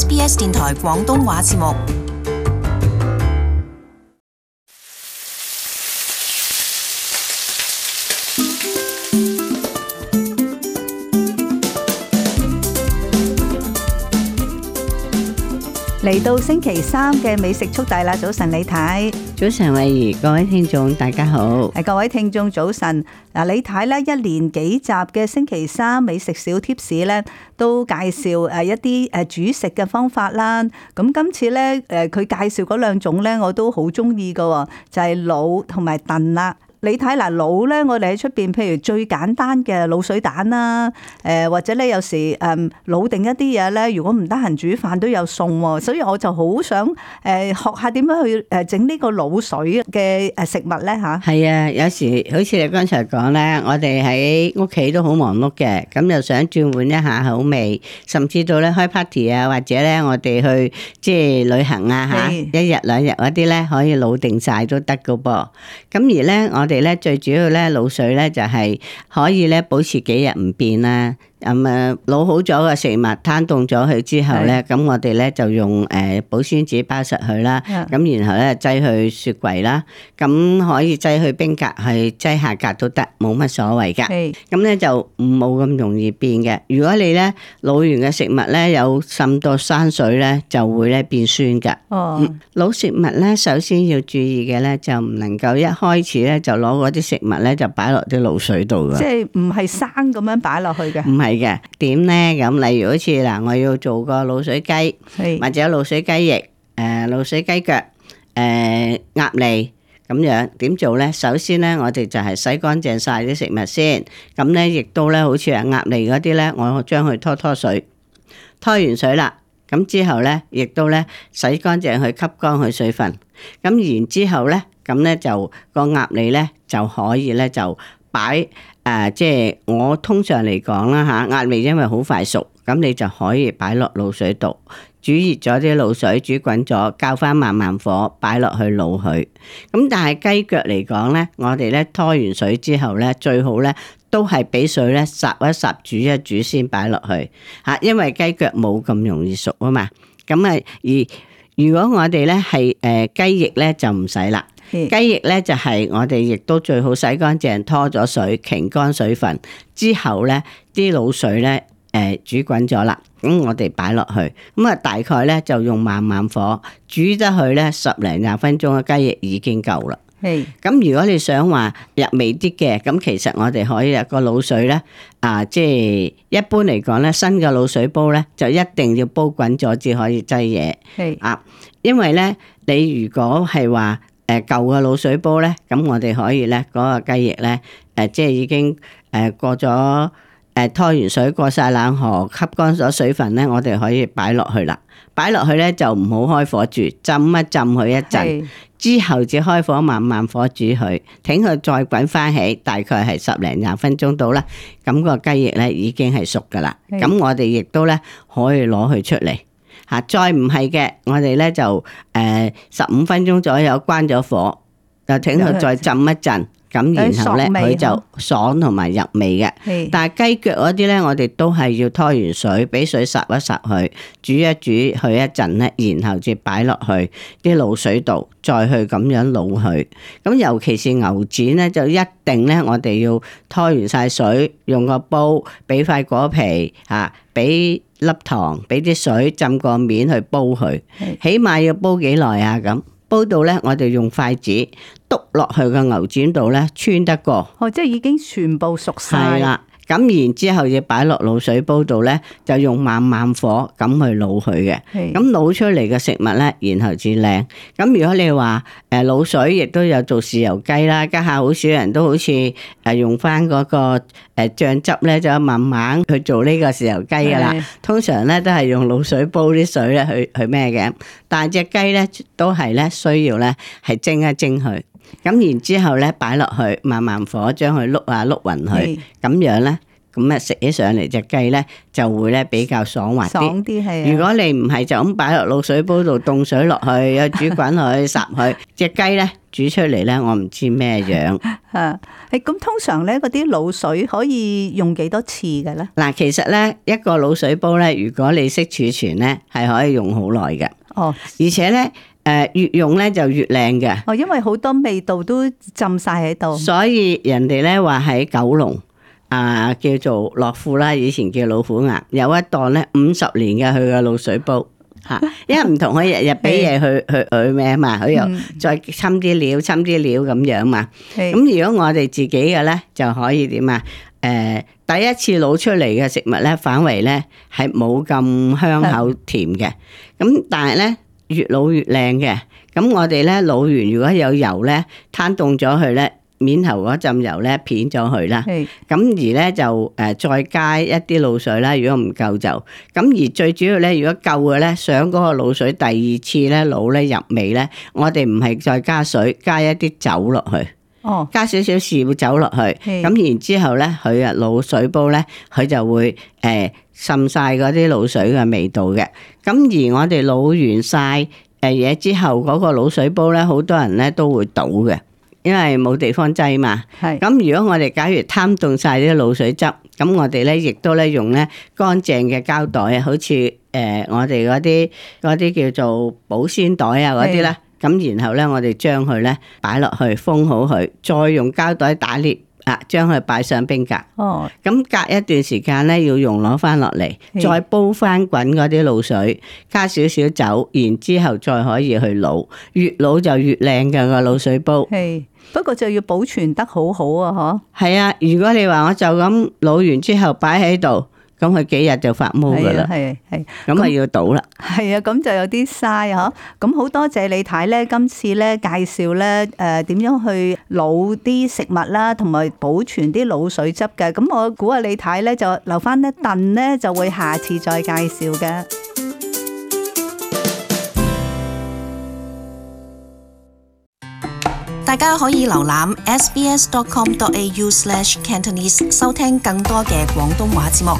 SBS 電台廣東話節目，嚟到星期三嘅美食速遞啦！早晨你，你睇。早晨，惠儀，各位聽眾大家好。各位聽眾早晨。嗱，你睇咧，一連幾集嘅星期三美食小貼士咧，都介紹一啲煮食嘅方法啦。咁今次咧，佢介紹嗰兩種咧，我都好中意噶，就係滷同埋燉啦。你睇嗱，滷咧，我哋喺出邊，譬如最簡單嘅滷水蛋啦，誒或者咧有時誒滷定一啲嘢咧，如果唔得閒煮飯都有餸，所以我就好想誒學下點樣去誒整呢個滷水嘅誒食物咧吓。係啊，有時好似你剛才講咧，我哋喺屋企都好忙碌嘅，咁又想轉換一下口味，甚至到咧開 party 啊，或者咧我哋去即係旅行啊吓，一日兩日嗰啲咧可以滷定晒都得噶噃。咁而咧我。我哋最主要咧滷水咧就係可以咧保持幾日唔變啦。咁啊，老好咗嘅食物攤凍咗佢之後咧，咁的我哋咧就用誒保鮮紙包實佢啦。咁的然後咧擠去雪櫃啦，咁可以擠去冰格，係擠下格都得，冇乜所謂噶。咁咧就冇咁容易變嘅。如果你咧老完嘅食物咧有滲到山水咧，就會咧變酸㗎。哦、老食物咧，首先要注意嘅咧就唔能夠一開始咧就攞嗰啲食物咧就擺落啲滷水度㗎。即係唔係生咁樣擺落去嘅？唔係。嘅點咧咁，例如好似嗱，我要做個滷水雞，或者滷水雞翼、誒滷水雞腳、誒鴨脷咁樣點做咧？首先咧，我哋就係洗乾淨晒啲食物先，咁咧亦都咧好似啊鴨脷嗰啲咧，我將佢拖拖水，拖完水啦，咁之後咧亦都咧洗乾淨佢，吸乾佢水分，咁然之後咧，咁咧就個鴨脷咧就可以咧就擺。誒、啊，即係我通常嚟講啦吓，鴨、啊、味因為好快熟，咁你就可以擺落滷水度煮熱咗啲滷水，煮滾咗，交翻，慢慢火，擺落去滷佢。咁但係雞腳嚟講呢，我哋咧拖完水之後呢，最好呢都係俾水咧霎一霎，煮一煮先擺落去吓、啊，因為雞腳冇咁容易熟啊嘛。咁啊，而如果我哋咧係誒雞翼咧，就唔使啦。雞翼咧就係、是、我哋亦都最好洗乾淨、拖咗水、擎乾水分之後咧，啲鹵水咧誒、呃、煮滾咗啦。咁我哋擺落去咁啊，大概咧就用慢慢火煮得佢咧十零廿分鐘嘅雞翼已經夠啦。係咁是，如果你想話入味啲嘅，咁其實我哋可以個鹵水咧啊，即係一般嚟講咧，新嘅鹵水煲咧就一定要煲滾咗至可以擠嘢係是啊，因為咧你如果係話，誒，舊嘅鹵水煲咧，咁我哋可以咧，嗰、那個雞翼咧，誒、呃，即係已經誒過咗，誒、呃，拖完水過晒冷河，吸乾咗水分咧，我哋可以擺落去啦。擺落去咧就唔好開火煮，浸一浸佢一陣，是之後至開火慢慢火煮佢，挺佢再滾翻起，大概係十零廿分鐘到啦。咁、那個雞翼咧已經係熟噶啦。咁是我哋亦都咧可以攞佢出嚟。再唔係嘅，我哋咧就誒十五分鐘左右關咗火。就請佢再浸一陣，咁、嗯、然後咧佢口就爽同埋入味嘅。是但係雞腳嗰啲咧，我哋都係要拖完水，俾水霎一霎佢，煮一煮佢一陣咧，然後至擺落去啲滷水度，再去咁樣滷佢。咁、嗯、尤其是牛展咧，就一定咧，我哋要拖完晒水，用個煲，俾塊果皮吓，俾、啊、粒糖，俾啲水浸個面去煲佢，是起碼要煲幾耐啊咁。煲到咧，我哋用筷子篤落去個牛展度咧，穿得過。哦，即係已經全部熟晒啦。咁然之後，要擺落鹵水煲度咧，就用慢慢火咁去鹵佢嘅。咁鹵是出嚟嘅食物咧，然後至靚。咁如果你話誒鹵水，亦都有做豉油雞啦。家下好少人都好似誒用返嗰個誒醬汁咧，就慢慢去做呢個豉油雞噶啦。是通常咧都係用鹵水煲啲水咧去去咩嘅，但係隻雞咧都係咧需要咧係蒸一蒸佢。咁然之後咧，擺落去慢慢火，將佢碌下碌匀佢，咁樣咧，咁啊食起上嚟，隻雞咧，就會咧比較爽滑啲。如果你唔係就咁擺落滷水煲度，凍水落去，又煮滾去霎佢隻雞咧煮出嚟咧，我唔知咩樣。啊，誒，咁通常咧，嗰啲滷水可以用幾多次嘅咧？嗱，其實咧一個滷水煲咧，如果你識儲存咧，係可以用好耐嘅。哦，而且咧。哦誒，越用咧就越靚嘅。哦，因為好多味道都浸晒喺度。所以人哋咧話喺九龍啊，叫做樂富啦，以前叫老虎岩，有一檔咧五十年嘅佢嘅滷水煲吓，因為唔同佢日日俾嘢佢佢佢咩啊嘛，佢又再摻啲料，摻啲料咁樣嘛。咁如果我哋自己嘅咧，就可以點啊？誒，第一次滷出嚟嘅食物咧，反為咧係冇咁香口甜嘅。咁但係咧。越老越靚嘅，咁我哋咧老完如果有油咧，攤凍咗佢咧，面頭嗰陣油咧片咗佢啦。咁是而咧就誒再加一啲鹵水啦，如果唔夠就咁而最主要咧，如果夠嘅咧，上嗰個鹵水第二次咧老咧入味咧，我哋唔係再加水，加一啲酒落去。哦，加少少豉會走落去，咁的然之後咧，佢啊滷水煲咧，佢就會誒滲、呃、晒嗰啲滷水嘅味道嘅。咁而我哋滷完晒誒嘢、呃、之後，嗰、那個滷水煲咧，好多人咧都會倒嘅，因為冇地方擠嘛。係咁的，如果我哋假如攤凍晒啲滷水汁，咁我哋咧亦都咧用咧乾淨嘅膠袋，好似誒我哋嗰啲嗰啲叫做保鮮袋啊嗰啲咧。咁然後咧，我哋將佢咧擺落去封好佢，再用膠袋打裂，啊，將佢擺上冰格。哦，咁隔一段時間咧要用攞翻落嚟，再煲翻滾嗰啲滷水，加少少酒，然之後再可以去滷，越滷就越靚嘅個滷水煲。係，不過就要保存得好好啊，嗬。係啊，如果你話我就咁滷完之後擺喺度。咁佢幾日就發毛噶啦，係啊係係，咁啊要倒啦。係啊，咁就有啲嘥呵。咁好多謝李太咧，今次咧介紹咧誒點樣去滷啲食物啦，同埋保存啲滷水汁嘅。咁我估下，李太咧就留翻咧燉咧，就會下次再介紹嘅。大家可以瀏覽 sbs.com.au/cantonese 收聽更多嘅廣東話節目。